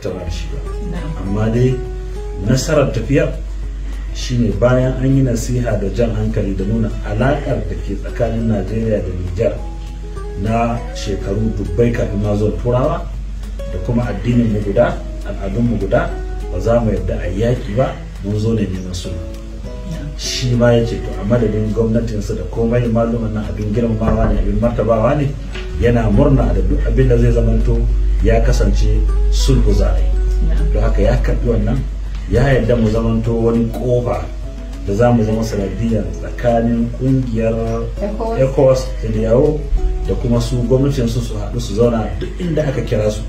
ta shi ba amma dai nasarar tafiya shine bayan an yi nasiha da jan hankali da nuna alaƙar da ke tsakanin najeriya da nijar na shekaru dubbai kafin ma turawa da kuma addinin mu guda al'adun mu guda ba za mu yarda a yaki ba mun zo ne neman su. shi ma ya ce to a madadin gwamnatinsa da komai malumin nan abin girmamawa ne abin martabawa ne yana murna da duk abin da zai zamanto ya kasance sulhu za a yi don haka ya karbi wannan ya yarda mu zamanto wani kofa da za mu zama sanadiyar tsakanin kungiyar ecowas da yawo da kuma su gwamnatin su su haɗu su zauna duk inda aka kira su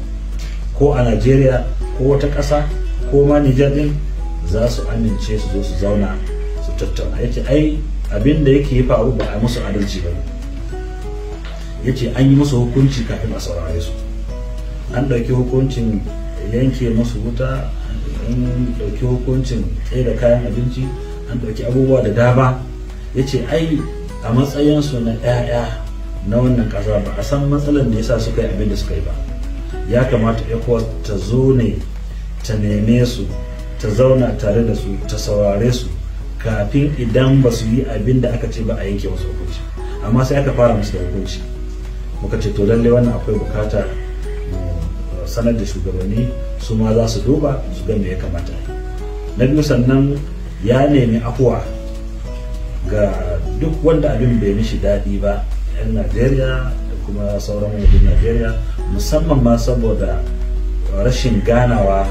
ko a najeriya ko wata ƙasa ko ma nijar din za su amince su zo su zauna su tattauna yace ai abin da yake faru ba a musu adalci ba ne yace an yi musu hukunci kafin a saurare su an ɗauki hukuncin yanke musu wuta an ɗauki hukuncin da kayan abinci an ɗauki abubuwa da dama yace ai a matsayinsu na 'ya'ya na wannan ƙasa ba a san matsalar da yasa suka yi abin da suka yi ba ya kamata ecowas ta zo ne ta neme su ta zauna tare da su ta saurare su kafin idan ba su yi abin da aka ce ba a yanke wasu hukunci amma sai aka fara musu da hukunci muka ce to lallai wannan akwai bukata sanar da shugabanni su ma za su duba su ga me ya kamata na biyu sannan ya nemi afuwa ga duk wanda abin bai mishi daɗi ba 'yan najeriya da kuma sauran wajen najeriya musamman ma saboda rashin ganawa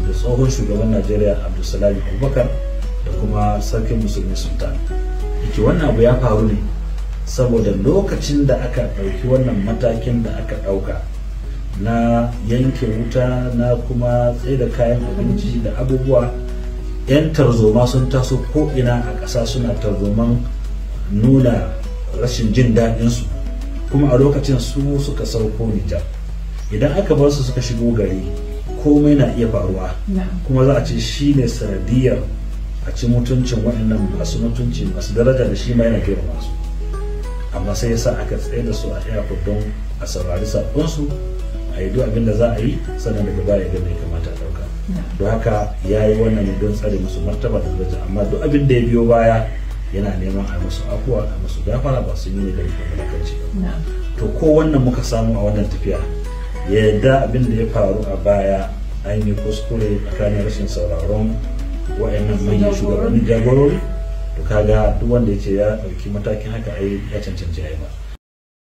da tsohon shugaban najeriya abdulsalami abubakar kuma sarkin musulmi sultan yake wannan abu ya faru ne saboda lokacin da aka ɗauki wannan matakin da aka ɗauka na yanke wuta na kuma tsaye da kayan abinci da abubuwa 'yan tarzoma sun taso ko'ina a ƙasa suna tarzoman nuna rashin jin daɗinsu kuma a lokacin su suka sauko nita idan aka bar su suka shigo gari komai na iya faruwa kuma za a ce shi ne sanadiyar a ci mutuncin waɗannan masu mutunci masu daraja da shi ma yana kai masu amma sai yasa aka tsaye da su a iya don a saurari saƙonsu a yi duk abin da za a yi sannan daga baya ga mai kamata ɗauka don haka ya yi wannan ne don tsare musu martaba da daraja amma duk abin da ya biyo baya yana neman a musu afuwa a musu gafara ba su yi ne da rikin to ko wannan muka samu a wannan tafiya ya yadda abin da ya faru a baya an yi kuskure tsakanin rashin sauraron wa'annan manyan shugabannin jagorori to kaga duk wanda ya ce ya ɗauki matakin haka ai ya cancanci ai ba